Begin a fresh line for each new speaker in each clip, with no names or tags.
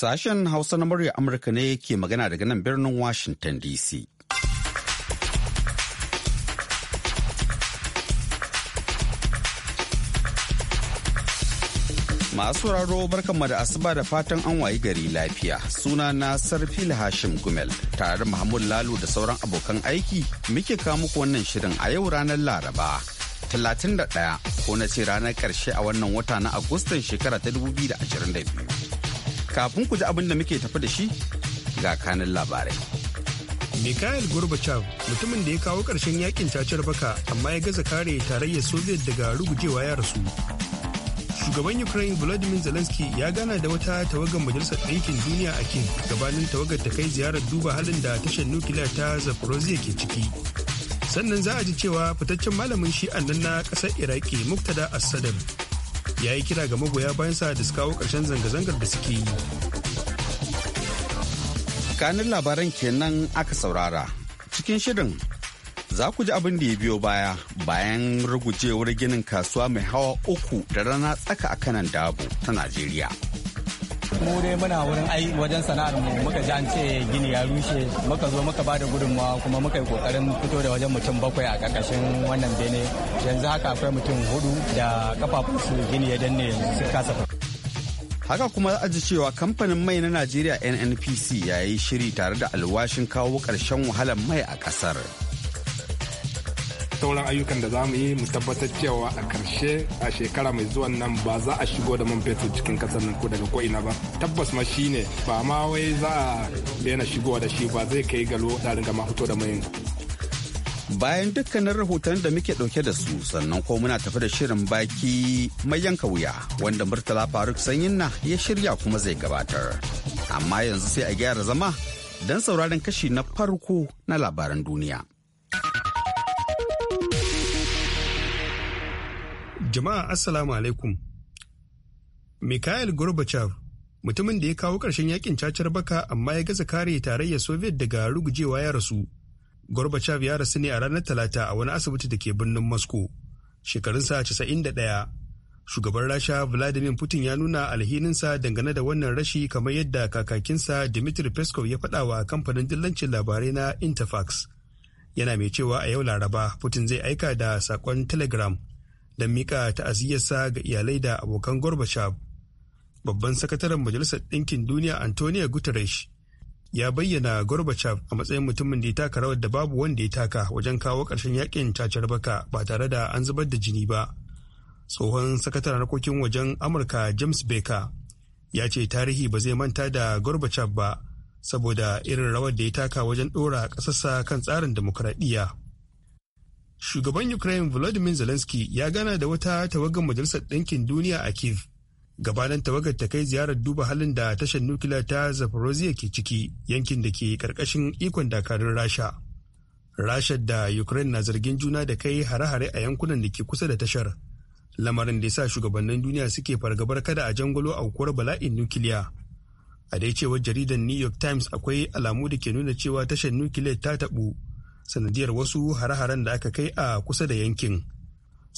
Sashen Hausa na murya Amurka ne ke magana daga nan birnin Washington DC. Masu raro barkanmu da asuba da fatan an wayi gari lafiya. Suna na Sarfil Hashim Gumel tare da Mahmud Lalo da sauran abokan aiki muke muku wannan shirin a yau ranar Laraba. 31 ko na ce ranar karshe a wannan wata na Agustan shekara ta 2022. Kafin ku ji abin da muke tafi da shi ga kanin labarai.
Mikhail Gorbachev mutumin da ya kawo ƙarshen yakin cacar baka amma ya gaza kare tarayyar Soviet daga rugujewa ya rasu. Shugaban Ukraine Volodymyr Zelensky ya gana da wata tawagar Majalisar Ɗinkin Duniya a Kin gabanin tawagar ta kai ziyarar duba halin da tashar nukiliya ta Zaporozhye ke ciki. Sannan za a ji cewa fitaccen malamin shi'an nan na ƙasar Iraki Muktada as ya yi kira ga magoya bayan sa da su kawo ƙarshen zanga-zangar da suke yi. Kanin labaran
kenan aka saurara. Cikin shirin za ku ji abin da ya biyo baya bayan rugujewar ginin kasuwa mai hawa uku da rana tsaka a kanan dabo ta Najeriya. mu dai muna wurin ai wajen sana'ar mu muka ji an ce gini ya rushe muka zo muka bada gudunmawa kuma muka yi kokarin fito da wajen mutum bakwai a ƙarƙashin wannan bene yanzu haka akwai mutum hudu da su gini ya danne su kasa haka kuma za a ji cewa kamfanin mai na najeriya nnpc ya yi shiri tare da alwashin kawo ƙarshen wahalar mai a ƙasar.
sauran ayyukan da za mu yi mu tabbatar cewa a karshe a shekara mai zuwan nan ba za a shigo da man fetur cikin kasar nan ko daga ko'ina ba tabbas ma shi ne ba ma wai za a daina shigowa da shi ba zai kai galo da ringa ma fito da mayin
bayan dukkanin rahoton da muke dauke da su sannan ko muna tafi da shirin baki mai yanka wuya wanda murtala faruk sanyin na ya shirya kuma zai gabatar amma yanzu sai a gyara zama don sauraron kashi na farko na labaran duniya
Jama'a Assalamu alaikum. Mikhail Gorbachev mutumin da ya kawo ƙarshen yakin cacar baka amma ya gaza kare tarayyar Soviet daga rugujewa ya rasu. Gorbachev ya rasu ne a ranar Talata a wani asibiti da ke birnin Moscow. Shekarunsa ɗaya. Shugaban Rasha Vladimir Putin ya nuna alhininsa dangane da wannan rashi kamar yadda kakakinsa Dmitry Peskov ya faɗa wa kamfanin dillancin labarai na Interfax. Yana mai cewa a yau Laraba Putin zai aika da saƙon Telegram don mika ta'aziyyarsa ga iyalai da abokan gorbachev babban sakataren majalisar ɗinkin duniya antonio guterres ya bayyana gorbachev a matsayin mutumin da ya taka rawar da babu wanda ya taka wajen kawo ƙarshen yakin cacar baka ba tare da an zubar da jini ba tsohon sakataren harkokin wajen amurka james baker ya ce tarihi ba zai manta da gorbachev ba saboda irin rawar da ya taka wajen ɗora ƙasarsa kan tsarin demokuraɗiyya Shugaban Ukraine Volodymyr Zelensky ya gana da wata tawagar Majalisar Ɗinkin Duniya a Kiev. Gabanin tawagar ta kai ziyarar duba halin da tashar nukiliya ta Zaporozhye ke ciki, yankin da ke karkashin ikon dakarun Rasha. Rasha da Ukraine na zargin juna da kai hare-hare a yankunan da ke kusa da tashar. Lamarin da ya sa shugabannin duniya suke fargabar kada a jangolo aukuwar bala'in nukiliya. A dai cewar jaridar New York Times akwai alamu da ke nuna cewa tashar nukiliyar ta taɓu sanadiyar wasu hare-haren da aka kai a kusa da yankin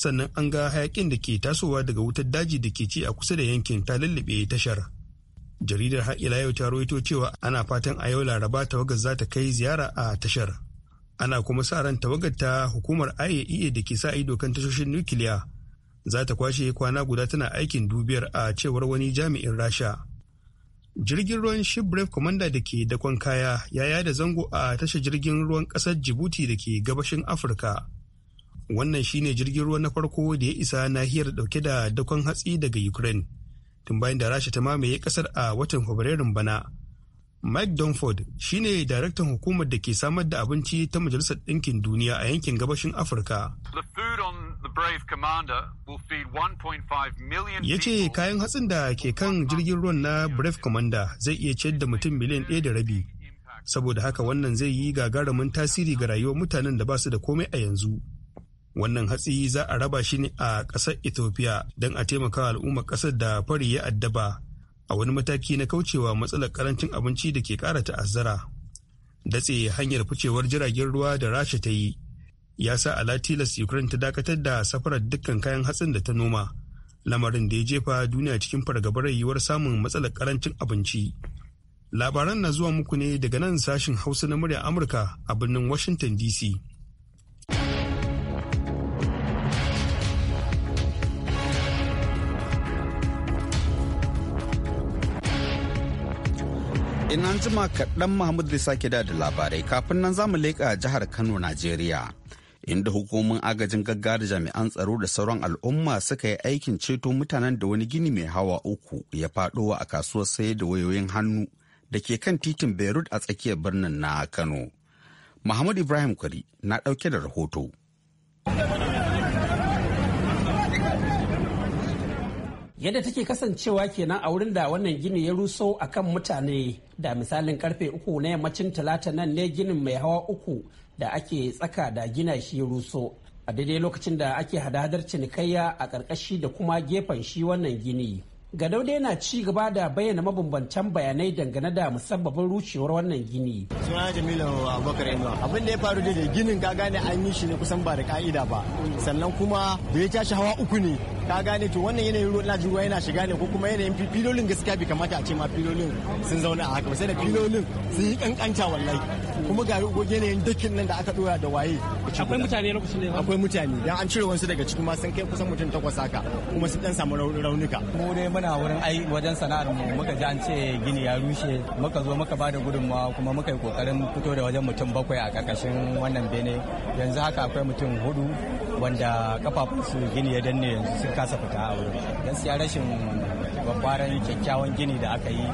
sannan an ga hayakin da ke tasowa daga wutar daji da ke ci a kusa da yankin ta lullube tashar jaridar har ila yau ta rawaito cewa ana fatan a yau laraba tawagar za ta kai ziyara a tashar ana kuma sa ran tawagar ta hukumar iaea e da ke sa ido kan tashoshin nukiliya za ta kwashe kwana guda tana aikin dubiyar a cewar wani jami'in rasha jirgin ruwan ship brave commander da ke dakon kaya ya yada zango a tashar jirgin ruwan kasar jibuti da ke gabashin afirka wannan shine jirgin ruwa na farko da ya isa nahiyar dauke da dakon hatsi daga ukraine tun bayan da rasha ta mamaye kasar a watan fabrairun bana Mike Dunford ne daraktan hukumar da ke samar da abinci ta Majalisar Ɗinkin Duniya a yankin gabashin Afirka. Ya ce kayan hatsin da ke kan jirgin ruwan na Brave Commander zai iya ciyar da mutum miliyan ɗaya da rabi. Saboda haka wannan zai yi gagarumin tasiri ga rayuwar mutanen da ba su da komai a yanzu. Wannan hatsi za a raba shi ne a ƙasar Ethiopia don a taimaka al'ummar ƙasar da fari ya addaba a wani mataki na kaucewa matsalar karancin abinci da ke kara ta'azzara. Datse hanyar ficewar jiragen ruwa da Rasha ta yi ya sa ala Ukraine ta dakatar da safarar dukkan kayan hatsin da ta noma, lamarin da ya jefa duniya cikin fargabar yiwuwar samun matsalar karancin abinci. Labaran na zuwa muku ne daga nan sashin Hausa na murya Amurka a birnin Washington DC.
in jima kaɗan Mahmud zai sake da da labarai kafin nan zamu leƙa jihar Kano, Najeriya. Inda hukumomin agajin gaggawa da jami'an tsaro da sauran al'umma suka yi aikin ceto mutanen da wani gini mai hawa uku ya faɗowa a kasuwar sayar da wayoyin hannu da ke kan titin Beirut a tsakiyar birnin na Kano. Mahmud Ibrahim Kwari na ɗauke da rahoto.
yadda take kasancewa kenan a wurin da wannan gini ya ruso a kan mutane da misalin karfe uku na yammacin talata nan ne ginin mai hawa uku da ake tsaka da gina shi ya ruso a daidai lokacin da ake hada-hadar cinikayya a ƙarƙashi da kuma gefen shi wannan gini Gadau na ci gaba da bayyana mabambantan bayanai dangane da musabbabin rushewar wannan gini.
Suna Jamilu Abubakar Inuwa. Abin da ya faru da ginin ka gane an yi shi ne kusan ba da ka'ida ba. Sannan kuma da ya tashi hawa uku ne. Ka gane to wannan yanayin ruwa na ruwa yana shiga ne ko kuma yanayin filolin gaskiya bai kamata a ce ma filolin sun zauna a haka ba sai da filolin sun yi kankanta wallahi. Kuma ga yanayin dakin nan da aka dora da waye. Akwai mutane lokacin ne Akwai mutane. Dan an cire wasu daga ciki ma sun kai kusan mutum takwas haka kuma sun dan samu raunuka. Mu dai muna wurin ai
wajen sana'ar mu muka ji an ce gini ya rushe muka zo muka bada gudunmawa kuma muka yi kokarin fito da wajen mutum bakwai a karkashin wannan bene yanzu haka akwai mutum hudu wanda kafafunsu gini ya danne yanzu sun kasa fita a wurin gaskiya rashin babbaran kyakkyawan gini da aka yi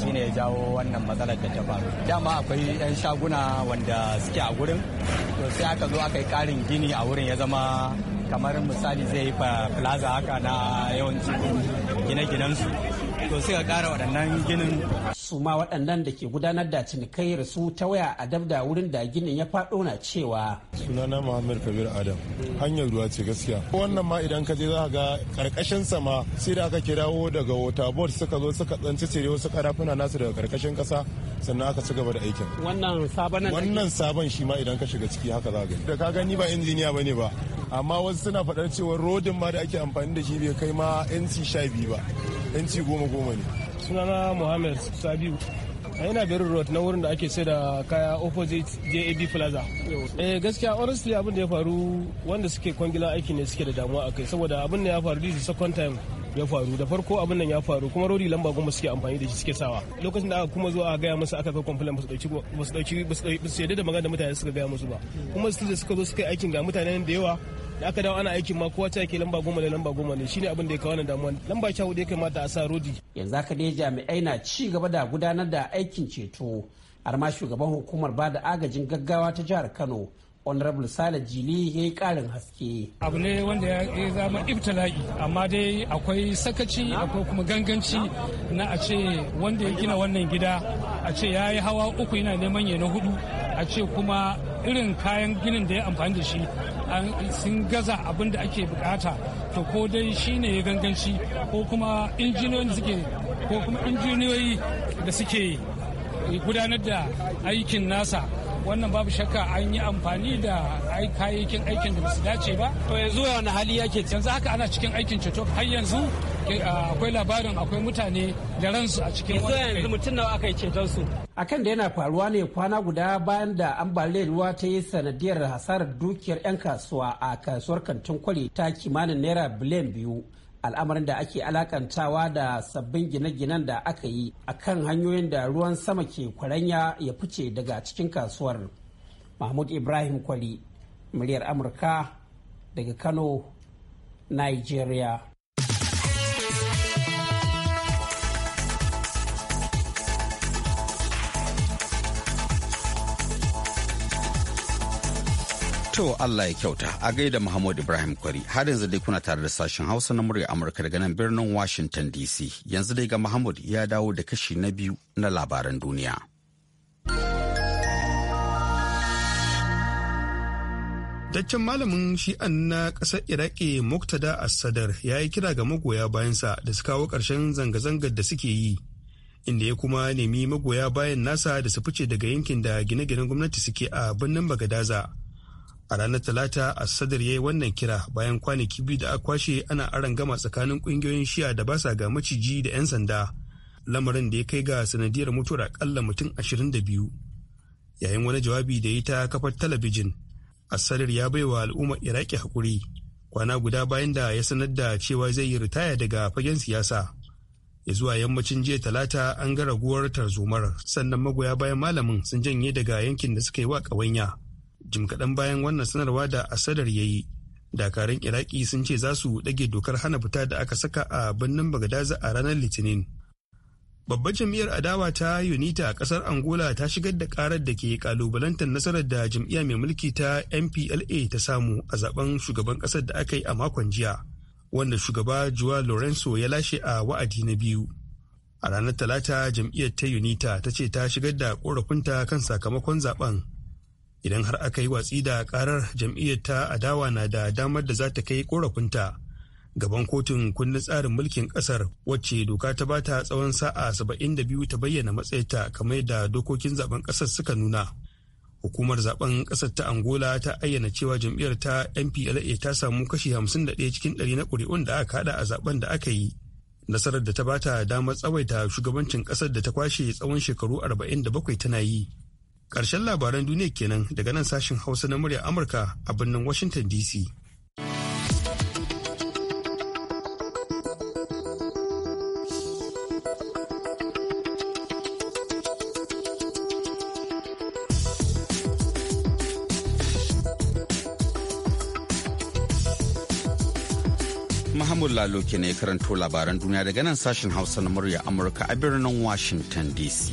shine ya jawo wannan matsalar da ta faru dama akwai 'yan shaguna wanda suke a gurin to sai aka zo aka yi karin gini a wurin ya zama
kamar misali zai yi plaza haka na yawancin gine-ginensu to suka kara waɗannan ginin su ma waɗannan da ke gudanar da cinikai su ta waya a dabda da wurin da ginin ya faɗo na cewa sunana muhammad kabir adam hanyar ruwa ce gaskiya
wannan ma idan ka je
za ga karkashin sama sai da aka kirawo daga wata
board suka zo suka tsanci cire wasu karafuna nasu daga karkashin kasa sannan aka ci gaba da aikin wannan sabon wannan sabon shi ma idan ka shiga ciki haka za gani. da ka gani ba injiniya bane ba amma wasu suna faɗar cewa rodin ma da ake amfani da shi bai kai ma nc sha biyu ba nc goma goma ne sunana Mohammed sabiu a yana berin road na wurin da ake sai da
kaya opposite jab plaza eh gaskiya honestly abin da ya faru wanda suke kwangila aiki ne suke da damuwa a kai saboda abin da ya faru this is second time ya faru da farko abin nan ya faru kuma rodi lamba goma suke amfani da shi suke sawa lokacin da aka kuma zo a gaya musu aka kai complaint ba su dauki ba su dauki ba su yadda da magana da mutane suka gaya musu ba kuma su da suka zo suka yi aikin ga mutanen da yawa da aka
dawo ana aikin ma kowa ke lamba goma da lamba goma ne shine abin da ya kawo wannan damuwa lamba sha hudu ya kamata a sa rodi yanzu aka dai jami'ai na ci gaba da gudanar da aikin ceto har ma shugaban hukumar ba da agajin gaggawa ta jihar Kano honorable sale jili ya yi karin haske
abu ne wanda ya zama ibtila'i amma dai akwai sakaci akwai kuma ganganci na a ce wanda ya gina wannan gida a ce ya yi hawa uku yana neman ya na hudu a ce kuma irin kayan ginin da ya amfani da shi sun gaza abin da ake bukata to ko dai shi ne ya ganganci ko kuma injiniyoyi ko kuma injiniyoyi da suke gudanar da aikin nasa wannan babu shakka an yi amfani da kayayyakin aikin da ba su dace ba to
yanzu wani hali yake yanzu haka ana cikin aikin ceto har yanzu eh, akwai labarin akwai mutane da ransu a cikin yanzu yanzu mutum nawa aka yi ceton su akan da yana faruwa ne kwana guda bayan da ambaliyar ruwa ta yi sanadiyar hasarar dukiyar 'yan kasuwa a kasuwar kantin kwari ta kimanin naira biliyan biyu al'amarin da ake alakantawa da sabbin gine-ginen da aka yi a kan hanyoyin da ruwan sama ke kwaranya ya fice daga cikin kasuwar mahmud ibrahim kwali muryar amurka daga kano nigeria
To Allah ya kyauta a gaida Muhammad Ibrahim Kwari har yanzu dai kuna tare da sashen Hausa na murya Amurka daga nan birnin Washington DC yanzu dai ga Muhammad ya dawo da kashi na biyu na labaran duniya.
Daccen malamin shi'an na ƙasar Iraki Muktada Assadar ya yi kira ga magoya bayansa da su kawo ƙarshen zanga-zangar da suke yi inda ya kuma nemi magoya bayan nasa da su fice daga yankin da gine-ginen gwamnati suke a birnin Bagadaza. a ranar talata assadar ya yi wannan kira bayan kwanaki biyu da aka kwashe ana aron gama tsakanin kungiyoyin shiya da basa ga maciji da 'yan sanda lamarin da ya kai ga sanadiyar mutuwar akalla mutum ashirin da biyu. yayin wani jawabi da ya ta kafar talabijin assadar ya bai wa al'ummar iraki haƙuri kwana guda bayan da ya sanar da cewa zai yi ritaya daga fagen siyasa ya zuwa yammacin jiya talata an ga raguwar tarzomar sannan magoya bayan malamin sun janye daga yankin da suka yi wa ƙawanya jim kaɗan bayan wannan sanarwa da asadar ya yi dakarun iraki sun ce za su ɗage dokar hana fita da aka saka a birnin bagadaza a ranar litinin babbar jam'iyyar adawa ta unita a ƙasar angola ta shigar da ƙarar da ke ƙalubalantar nasarar da jam'iyya mai mulki ta mpla ta samu a zaben shugaban ƙasar da aka yi a makon jiya wanda shugaba juan lorenzo ya lashe a wa'adi na biyu a ranar talata jam'iyyar ta unita ta ce ta shigar da korafinta kan sakamakon zaben idan har aka yi watsi da karar jam'iyyar ta adawa na da damar da za ta kai korafinta gaban kotun kundin tsarin mulkin kasar wacce doka ta bata tsawon sa'a da biyu ta bayyana matsayinta kamar da dokokin zaben kasar suka nuna hukumar zaben kasar ta angola ta ayyana cewa jam'iyyar ta npla ta samu kashi 51 cikin ɗari na ƙuri'un da aka haɗa a zaben da aka yi nasarar da ta bata damar tsawaita shugabancin kasar da ta kwashe tsawon shekaru arba'in da bakwai tana yi Ƙarshen labaran duniya kenan daga nan sashen Hausa na murya Amurka a birnin Washington DC.
Mahmud Lalo ke ne karanto labaran duniya daga nan sashen Hausa na murya Amurka a birnin Washington DC.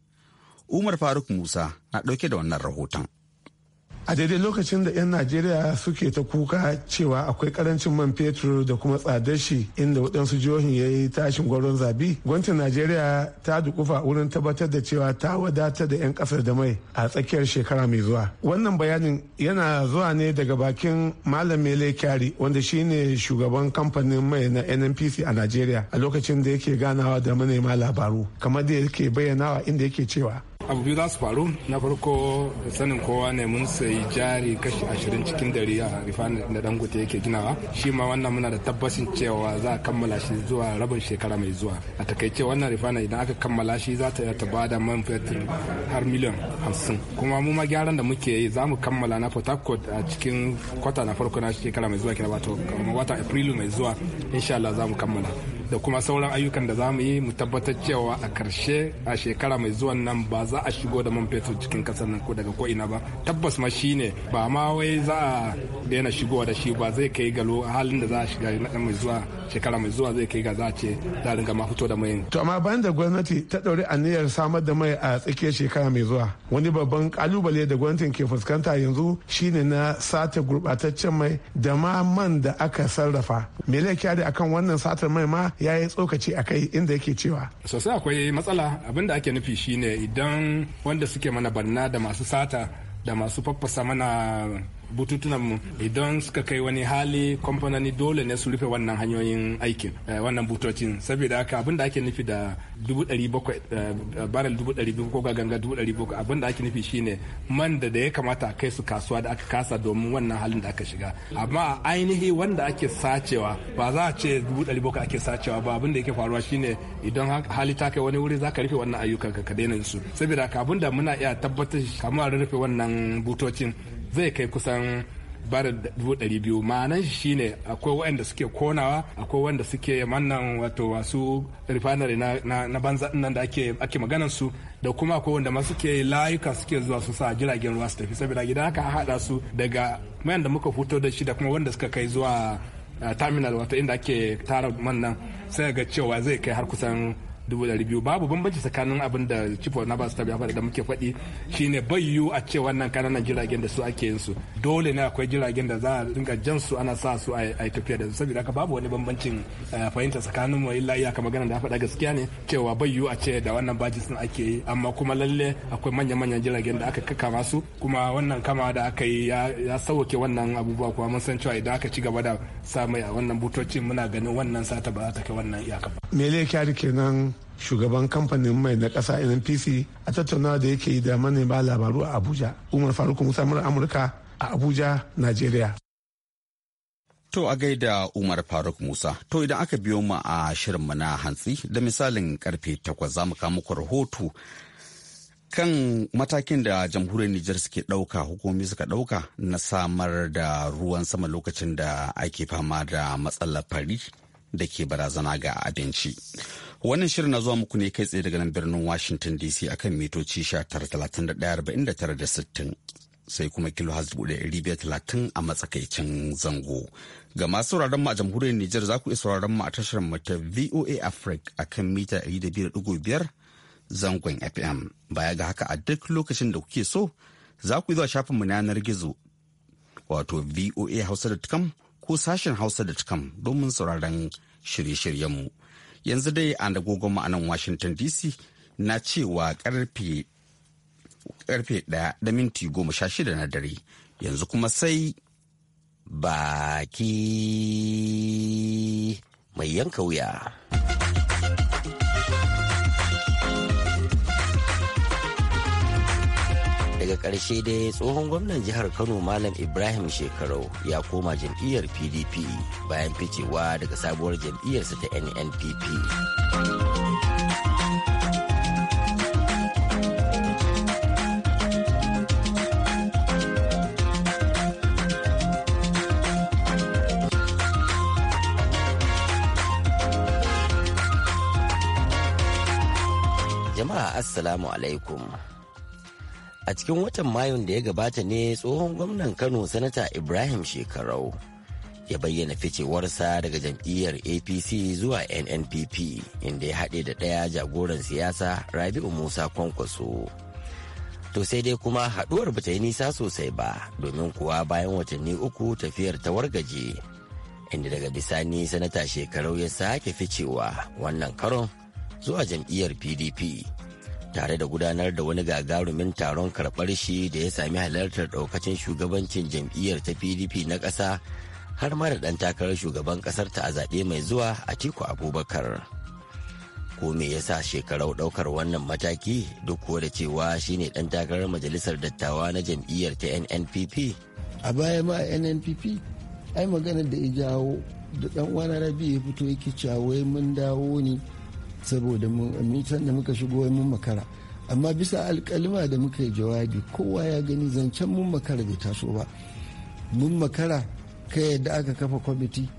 Umar Faruk Musa na ɗauke da wannan rahoton.
a daidai lokacin da 'yan najeriya suke ta kuka cewa akwai karancin man fetur da kuma tsadar shi inda waɗansu jihohin ya yi tashin gwaron zabi gwamnatin najeriya ta dukufa wurin tabbatar da cewa ta wadata da 'yan ƙasar da mai a tsakiyar shekara mai zuwa wannan bayanin yana zuwa ne daga bakin malam mele kyari wanda shi ne shugaban kamfanin mai na nnpc a najeriya a lokacin da yake ganawa da manema labaru kamar da yake bayyanawa inda yake cewa
abu biyu za su faru na farko sanin kowa ne mun sayi jari kashi ashirin cikin dari a rifan da dangote yake ginawa shi ma wannan muna da tabbacin cewa za a kammala shi zuwa rabin shekara mai zuwa a takaice wannan na idan aka kammala shi za ta ta bada man fetur har miliyan hamsin kuma mu ma gyaran da muke yi za mu kammala na port harcourt a cikin kwata na farko na shekara mai zuwa kira wata april mai zuwa insha Allah za mu kammala da kuma sauran ayyukan da za mu yi mu tabbatar cewa a karshe a shekara mai zuwan nan ba za a shigo da man fetur cikin kasar nan ko daga ko'ina ba tabbas ma shi ne ba ma wai za a daina shigowa da shi ba zai kai galo halin da za a shiga na mai zuwa shekara mai zuwa zai kai ga za a ce za a ringa ma fito da mai
to amma bayan da gwamnati ta ɗauri aniyar samar da mai a tsakiyar shekara mai zuwa wani babban kalubale da gwamnatin ke fuskanta yanzu shine na sata gurbataccen mai da ma man da aka sarrafa me laifi akan wannan satar mai ma ya yi tsokaci a kai inda yake cewa
sosai akwai matsala abin da ake nufi shine idan wanda suke mana banna da masu sata da masu faffasa mana bututunan mu idan suka kai wani hali kamfanoni dole ne su rufe wannan hanyoyin aikin eh, wannan butocin saboda haka abin da ake nufi da dubu ɗari bakwai eh, barrel dubu ɗari biyu ko ganga dubu ɗari bakwai abin da ake nufi shine man da da ya kamata a kai su kasuwa da aka kasa domin wannan halin da aka shiga amma ainihi wanda ake sacewa ba za a ce dubu ɗari bakwai ake sacewa ba abin da yake faruwa shine idan hali ta kai wani wuri za ka rufe wannan ayyukan ka daina su saboda haka abin da muna iya tabbatar kamar rufe wannan butocin zai kai kusan barin dubu ɗari biyu ma'anan shi shine akwai waɗanda suke konawa akwai wanda suke mannan wato wasu refinery na, banza nan da ake, ake maganan su da kuma akwai wanda masu ke layuka suke zuwa su sa jiragen ruwa su tafi saboda gidan haka haɗa su daga mayan da muka fito da shi da kuma wanda suka kai zuwa eh, terminal wato inda ake tara mannan sai ga cewa zai kai har kusan dubu ɗari biyu babu bambanci tsakanin abin da chief of naval staff ya faɗa da muke faɗi shine bai yiwu a ce wannan kananan jiragen da su ake yin su dole ne akwai jiragen da za a dinga jan su ana sa su a tafiya da su saboda haka babu wani bambancin eh, fahimta tsakanin mu illa iyaka magana da faɗa gaskiya ne cewa bai yiwu a ce da wannan bajis din ake yi amma kuma lalle akwai manya-manyan jiragen da aka kama su kuma wannan kama da aka yi ya sauke wannan abubuwa kuma mun san cewa idan aka ci gaba da sa mai a wannan butocin muna ganin wannan sata ba za ta kai wannan iyaka
ba. kenan shugaban kamfanin mai na ƙasa nnpc a tattaunawa da yake yi da manema labaru a abuja umar faruk musa amurka a abuja Najeriya.
To a gaida Umar Faruk Musa, to idan aka biyo mu a shirinmu na hantsi da misalin karfe takwas za mu muku rahoto kan matakin da jamhuriyar Nijar suke ɗauka hukumomi suka ɗauka na samar da ruwan sama lokacin da ake fama da matsalar fari da ke barazana ga abinci. Wannan shirin na zuwa muku ne kai tsaye daga nan birnin Washington DC akan mitoci 19,39,60 sai kuma kilo has a matsakaicin zango. Ga masu sauraron mu a jamhuriyar Nijar za ku iya sauraron mu a tashar mu ta VOA Africa akan mita 200.5 zangon FM. Baya ga haka a duk lokacin da kuke so za ku yi zuwa mu na yanar gizo wato voa hausa.com ko sashen hausa.com domin sauraron shirye-shiryenmu. yanzu dai an agogon ma'anan washington dc na cewa karfe daya da minti goma sha shida na dare yanzu kuma sai baki
mai yanka wuya. daga ƙarshe dai tsohon gwamnan jihar kano malam ibrahim shekarau ya koma jam'iyyar pdp bayan ficewa daga sabuwar jam'iyyarsa ta nnpp jama'a assalamu alaikum a cikin watan mayun da ya gabata ne tsohon gwamnan kano sanata ibrahim shekarau ya bayyana ficewarsa daga jam'iyyar apc zuwa nnpp inda ya haɗe da ɗaya jagoran siyasa rabi'u musa kwankwaso to sai dai kuma haɗuwar ba ta yi nisa sosai ba domin kuwa bayan watanni uku tafiyar ta wargaje inda daga bisani sanata shekarau ya sake ficewa wannan karon zuwa jam'iyyar pdp tare da gudanar da wani gagarumin taron karɓar shi da ya sami halartar ɗaukacin shugabancin jam'iyyar ta pdp na ƙasa har ma da ɗan takarar shugaban ƙasar ta a zaɓe mai zuwa a tiku abubakar ko me yasa shekarau ɗaukar wannan mataki duk da cewa shine ɗan takarar majalisar dattawa na jam'iyyar ta nnpp
a baya ma nnpp ai maganar da ya da ɗan wani rabi ya fito yake cewa wai mun dawo ne saboda mitan da muka shigo mun makara amma bisa alkalima da muka yi jawabi kowa ya gani zancen mun makara bai taso ba mun makara ka yadda aka kafa kwamiti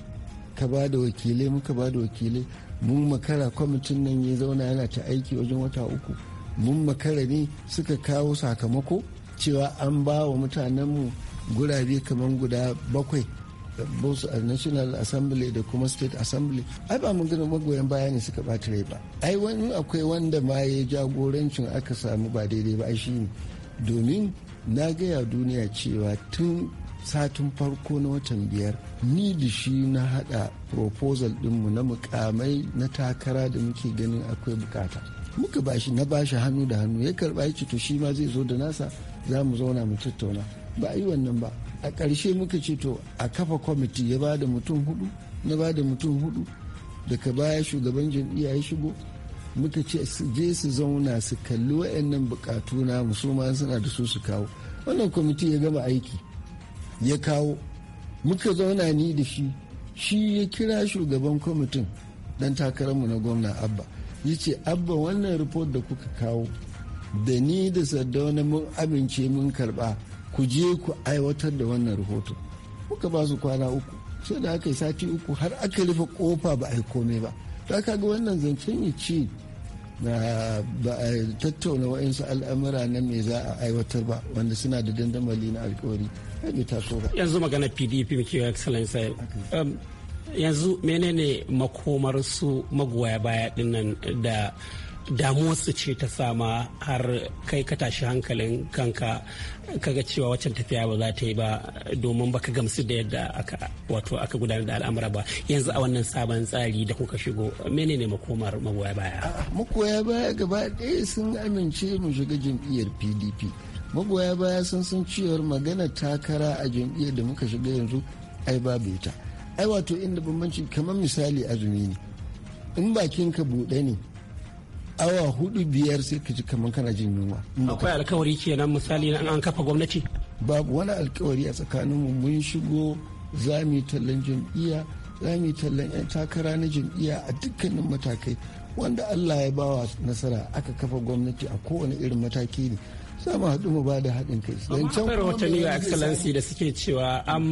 ka ba da wakilai muka ba da wakilai mun makara kwamitin nan ya zauna yana ta aiki wajen wata uku mun makara ne suka kawo sakamako cewa an ba wa mutanenmu gurabe kamar guda bakwai both a national assembly da kuma state assembly ai ba mun gina magoyan baya ne suka bata rai ba ai wani akwai wanda ma ya jagorancin aka samu ba daidai ba shi ne domin na gaya duniya cewa tun satin farko na watan biyar ni da shi na hada proposal dinmu na mukamai na takara da muke ganin akwai bukata muka bashi na bashi hannu da hannu ya karba ya to shi ma zai zo da nasa za mu zauna mu tattauna ba a yi wannan ba a ƙarshe muka ce to a kafa kwamiti ya ba da mutum hudu na ba da mutum hudu daga baya shugaban jam'iyya ya shigo muka ce su je su zauna su kalli wa'annan bukatu na musulma suna da su su kawo wannan kwamiti ya gama aiki ya kawo muka zauna ni da shi shi ya kira shugaban kwamitin dan takararmu na gwamna abba ya ce abba wannan report da kuka kawo da ni da saddauna mun amince mun karba ku je ku aiwatar da wannan rahoto kuka ba su kwana uku sai da aka yi sati uku har aka rufe kofa ba a yi komai ba ta ga wannan zancen ya ci na ba a tattauna wa'insu al'amura na me za a aiwatar ba wanda suna da dandamali na alkawari ta so ba
yanzu magana pdp muke yi excellence um, yanzu menene makomar su magoya baya dinnan da damuwarsu ce ta sama har kai ka tashi hankalin kanka kaga cewa waccan tafiya ba za ta yi ba domin baka gamsu da yadda aka wato aka gudanar da al'amura ba yanzu a wannan sabon tsari da kuka shigo menene makomar magoya baya
magoya baya gaba ɗaya sun amince mu shiga jam'iyyar pdp magoya baya sun san cewar magana takara a jam'iyyar da muka shiga yanzu ai babu ita ai wato inda bambanci kamar misali azumi ne in bakin ka buɗe ne awa hudu biyar sai ka ji kamar kana jin yunwa.
akwai alkawari kenan misali na an kafa
gwamnati babu wani alkawari a tsakaninmu mun shigo za mu yi tallan jam'iyya za mu yi tallan 'yan takara na jam'iyya a dukkanin matakai wanda allah ya bawa nasara aka kafa gwamnati a kowane irin mataki ne za mu haɗu mu ba da haɗin kai. Don can kuma rahotanni excellency
da suke cewa an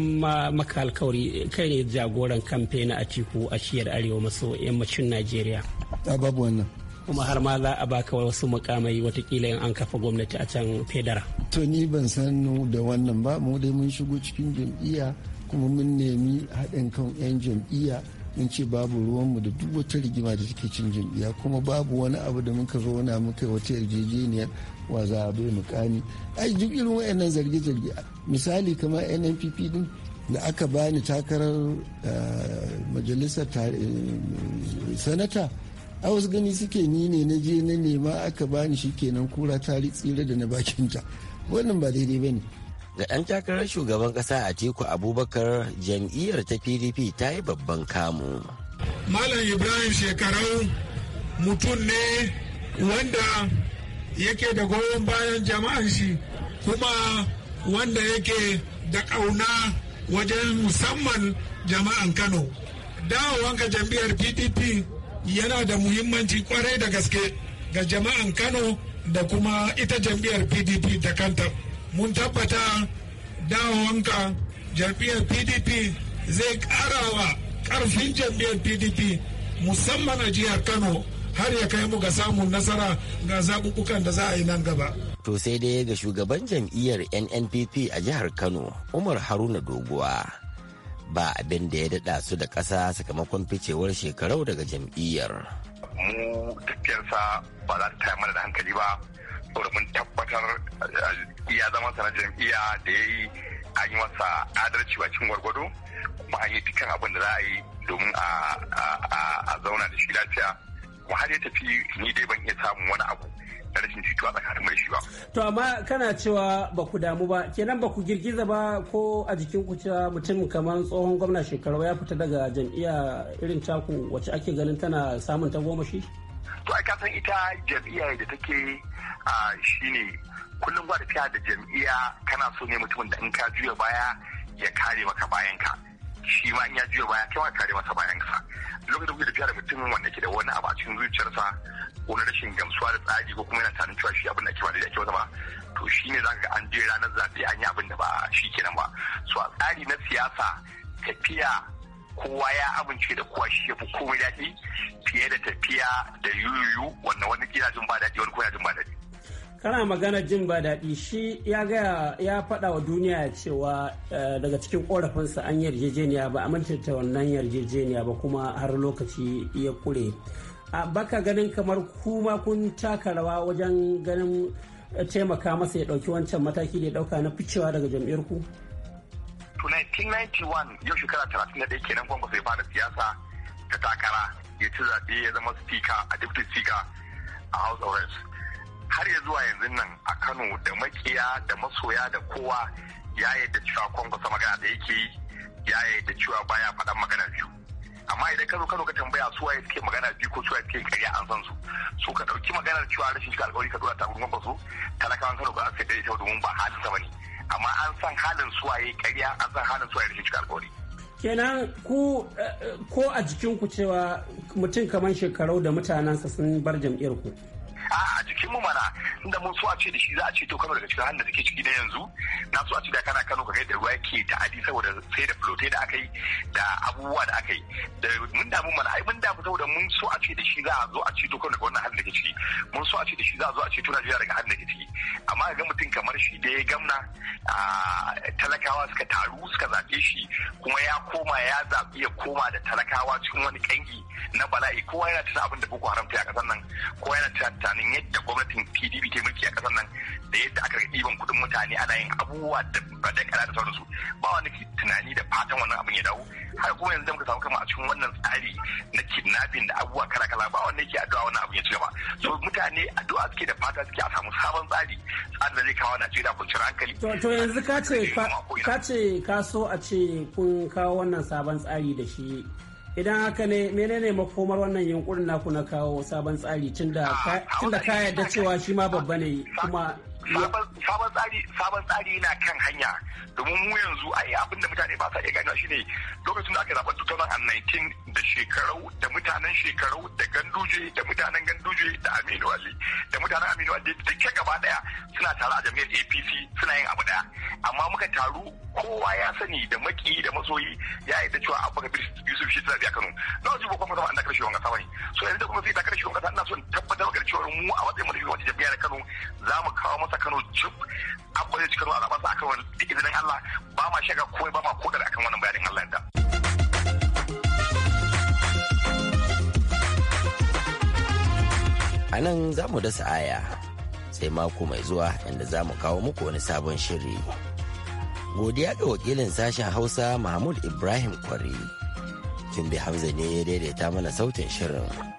maka alkawari kai ne jagoran kamfe na Atiku a shiyar Arewa maso yammacin Najeriya. A babu wannan. kuma har ma za a baka wasu mukamai watakila in an kafa gwamnati a can federa.
to ni ban san da wannan ba mu dai mun shigo cikin jam'iyya kuma mun nemi haɗin kan 'yan jam'iyya mun ce babu ruwanmu da duk wata rigima da take cin jam'iyya kuma babu wani abu da muka zo na muka wata yarjejeniyar wa za a bai mukami ai duk irin wayannan zarge-zarge misali kamar nnpp din da aka bani takarar eh, majalisar eh, sanata a wasu gani suke ni ne na je na nema aka bani kenan kura ta tsira da na bakinta wannan ba daidai ba ne
ga ɗan takarar shugaban ƙasa a teku abubakar jam'iyyar ta pdp ta yi babban kamu
malam ibrahim shekarau mutum ne wanda yake da goyon bayan jama'an shi kuma wanda yake da ƙauna wajen musamman jama'an kano dawowanka jam'iyyar pdp yana da muhimmanci kwarai da gaske ga jama'an kano da kuma ita jam'iyyar pdp da kanta mun tabbata dawowanka jam'iyyar pdp zai karawa karfin jam'iyyar pdp musamman a jihar kano har ya kai mu ga samun nasara ga zaɓuɓɓukan da za a yi nan gaba
to sai dai ga shugaban jam'iyyar nnpp a jihar kano umar haruna doguwa ba abin da ya daɗa su da ƙasa sakamakon ficewar shekarau daga jam'iyyar.
mu tafiyarsa ba za ta mana da hankali ba saboda mun tabbatar eh, ya zama na jam'iyya da ya yi an yi masa adalci bakin gwargwado kuma an yi dukkan abin da za a yi domin a zauna da shi lafiya kuma har ya tafi ni dai ban iya samun wani abu
rashin jituwa tsakanin mai shi ba. To amma kana cewa ba ku damu ba kenan ba ku girgiza ba ko a jikin ku cewa mutum kamar tsohon gwamna shekaru ya fita daga jam'iyya irin taku wacce ake ganin tana samun ta shi?
To ai san ita jam'iyya da take shine kullum ba da da jam'iyya kana so ne mutumin da in ka juya baya ya kare maka bayan ka. shi ma in ya juya baya kai ma kare masa bayan kasa lokacin da kuke tafiya da mutum wanda ke da wani abu a cikin zuciyarsa ko na rashin gamsuwa da tsari ko kuma yana tarin cewa shi abin da ake ba da ake ba to shi ne za ka ga an je ranar zaɓe an yi abin da ba shi kenan ba so a tsari na siyasa tafiya kowa ya amince da kowa shi ya fi komai daɗi fiye da tafiya da yuyuyu wannan wani kina jin ba daɗi wani
kuma kana magana jin ba daɗi shi ya gaya ya faɗa wa duniya cewa eh, daga cikin ƙorafinsa an yarjejeniya ba a ta wannan yarjejeniya ba kuma har lokaci ya kure a baka ganin kamar kuma kun taka rawa wajen ganin eh, taimaka masa ya ɗauki wancan mataki da ya ɗauka na ficewa daga jam'iyyar ku?
to 1991 yau shekara 31 kenan gwamnati sai fara siyasa ta takara ya ci zaɓe ya zama speaker a deputy speaker a house of reps har ya zuwa yanzu nan a kano da makiya da masoya da kowa ya yadda cewa kwankwasa magana da yake yi ya yadda cewa baya faɗan magana biyu amma idan ka zo kano ka tambaya su waye suke magana biyu ko su waye suke karya an san su so ka ɗauki maganar cewa rashin shiga alƙawari ka dora ta gurin kwankwaso talakawan kano ba su da ita domin ba halin sa ne amma an san halin su waye karya an san halin su waye rashin shiga alƙawari
kenan ku eh, eh, ko a jikinku cewa mutum kamar shekarau da mutanensa sun bar jam'iyyar
ku a jikinmu mana inda mun so a ce da shi za a ce to Kano daga cikin hannun da take ciki na yanzu na so a ce da kana Kano ka kai da ruwa yake ta'adi saboda sai da flote da aka yi da abubuwa da aka yi da mun damu mana ai mun damu saboda mun so a ce da shi za a zo a ce to Kano daga wannan hannun da take ciki mun so a ce da shi za a zo a ce to Najeriya daga hannun da take ciki amma ga mutum kamar shi da ya gamna talakawa suka taru suka zaɓe shi kuma ya koma ya zaɓi ya koma da talakawa cikin wani kangi na bala'i kowa yana tuna abin da Boko Haram ta a ƙasar nan kowa yana tuna tsakanin yadda gwamnatin PDP ta mulki a kasar nan da yadda aka ɗiban kuɗin mutane ana yin abubuwa da da kara da sauransu ba wani tunani da fatan wannan abin ya dawo har kuma yanzu muka samu kama a cikin wannan tsari na kidnapping da abubuwa kala kala ba wanda yake addu'a wannan abin ya ci gaba so mutane addu'a suke da fata suke a samu sabon tsari tsarin da zai kawo Najeriya kwanciyar hankali to yanzu ka ce
ka ce ka so a ce kun kawo wannan sabon tsari da shi idan haka ne menene makomar wannan yunkurin naku na kawo sabon tsari tunda ka yadda cewa shi ma babba ne kuma
sabon tsari sabon tsari yana kan hanya domin mu yanzu ai abinda mutane ba sa iya ganewa shine lokacin da aka zaɓa 2019 da shekarau da mutanen shekarau da ganduje da mutanen ganduje da aminu ali da mutanen aminu ali duka gaba daya suna tare a jami'ar apc suna yin abu daya amma muka taru kowa ya sani da maki da masoyi ya yi da cewa abu kabir yusuf shi tsari a kano na wajen bakon zama an da karshe wanga sawai so yanzu da kuma sai da karshe wanga ina son tabbatar da cewa mu a matsayin mu da shi shugaban jami'ar kano za mu kawo masa Kano jub a bare Kano a zaɓa akan wani da izinin Allah ba ma shaga komai ba ma kodar akan wani bayanin Allah da.
A nan za mu dasa aya sai mako mai zuwa inda za mu kawo muku wani sabon shiri. Godiya ga wakilin sashen Hausa Mahmud Ibrahim Kwari. Jumbe Hamza ne ya daidaita mana sautin shirin.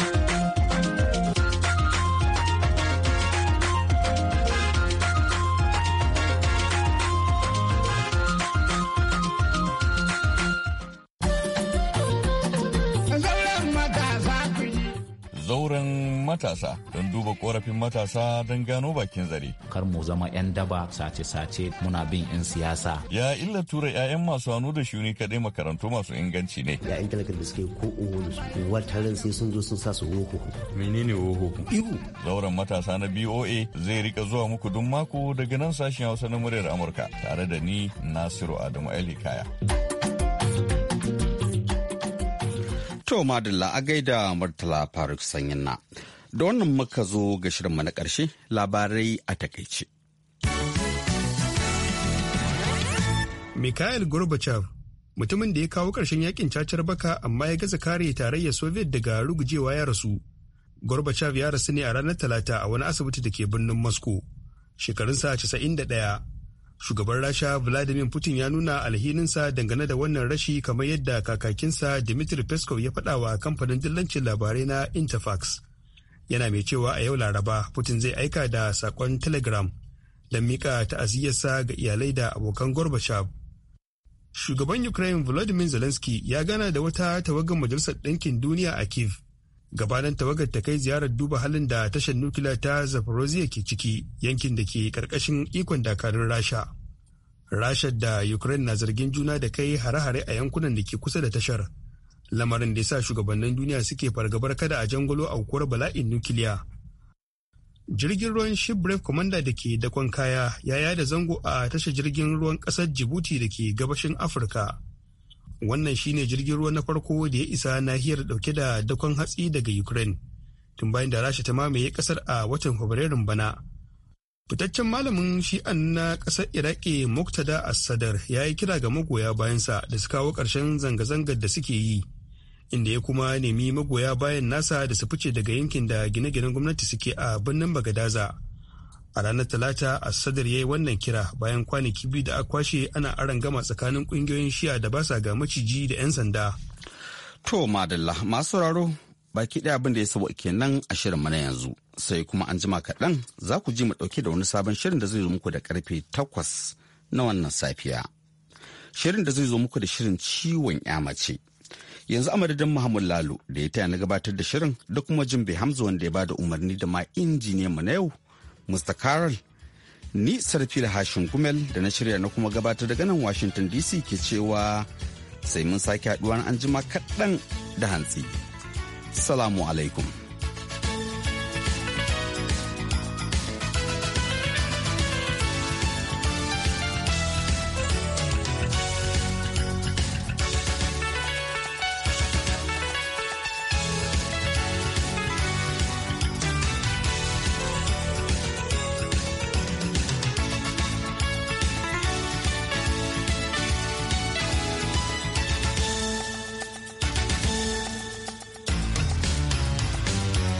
korafin matasa don gano bakin zare. Kar mu zama 'yan daba
sace-sace muna bin 'yan siyasa.
Ya illa tura 'ya'yan masu hannu da shuni kaɗai makarantu
masu inganci ne. 'Ya'yan talakar da suke ko oho da su sai sun zo sun sa su woho. Menene woho? Ihu.
Zauren matasa na BOA zai rika zuwa muku duk mako daga nan sashen Hausa na muryar Amurka tare da ni Nasiru Adamu Ali Kaya. To Madalla a gaida Murtala Faruk Sanyin na. Da wannan muka zo ga shirinmu na ƙarshe labarai a takaice.
Mikhail Gorbachev mutumin da ya kawo ƙarshen yakin cacar baka amma ya gaza kare tarayyar Soviet daga rugujewa ya rasu. Gorbachev ya rasu ne a ranar Talata a wani asibiti da ke birnin Moscow. Shekarunsa ɗaya. Shugaban Rasha Vladimir Putin ya nuna alhininsa dangane da wannan rashi kamar yadda kakakinsa Dmitry Peskov ya faɗawa kamfanin dillancin labarai na Interfax. yana mai cewa a yau laraba putin zai aika da sakon telegram da mika ta'aziyyarsa ga iyalai da abokan gorbachev shugaban ukraine volodymyr zelensky ya gana da wata tawagar majalisar ɗinkin duniya a kiev gabanin tawagar ta kai ziyarar duba halin da tashar nukiliya ta zaporozhye ke ciki yankin da ke karkashin ikon dakarun rasha rasha da ukraine na zargin juna da kai hare-hare a yankunan da ke kusa da tashar lamarin da ya sa shugabannin duniya suke fargabar kada a jangolo aukuwar bala'in nukiliya. Jirgin ruwan brave Commander da ke dakon kaya ya yada zango a tashar jirgin ruwan ƙasar jibuti da ke gabashin Afirka. Wannan shine jirgin ruwa na farko da ya isa nahiyar dauke da dakon hatsi daga Ukraine, tun bayan da Rasha ta mamaye ƙasar a watan Fabrairun bana. Fitaccen malamin shi'an na ƙasar Iraki Muktada Assadar ya yi kira ga magoya bayansa da su kawo ƙarshen zanga-zangar da suke yi. inda ya kuma nemi magoya bayan nasa da su fice daga yankin da gine-ginen gwamnati suke a birnin bagadaza a ranar talata a sadar ya yi wannan kira bayan kwanaki biyu da aka kwashe ana aron gama tsakanin kungiyoyin shiya da basa ga maciji da 'yan sanda
to madalla masu sauraro baki ɗaya abin da ya saba kenan a shirin mana yanzu sai kuma an jima kaɗan za ku ji mu ɗauke da wani sabon shirin da zai zo muku da karfe takwas na wannan safiya shirin da zai zo muku da shirin ciwon ya mace yanzu madadin muhammad lalo da ya taya na gabatar da shirin da kuma jimbe hamza wanda ya bada umarni da ma injiniyan mu na yau mr carol ni sarfi da hashin gumel da na shirya na kuma gabatar da nan washington dc ke cewa sai mun sake haduwa an jima kaɗan da hantsi salamu alaikum